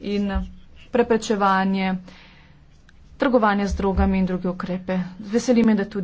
in preprečevanje trgovanja z drogami in druge ukrepe. Veseli me, da tudi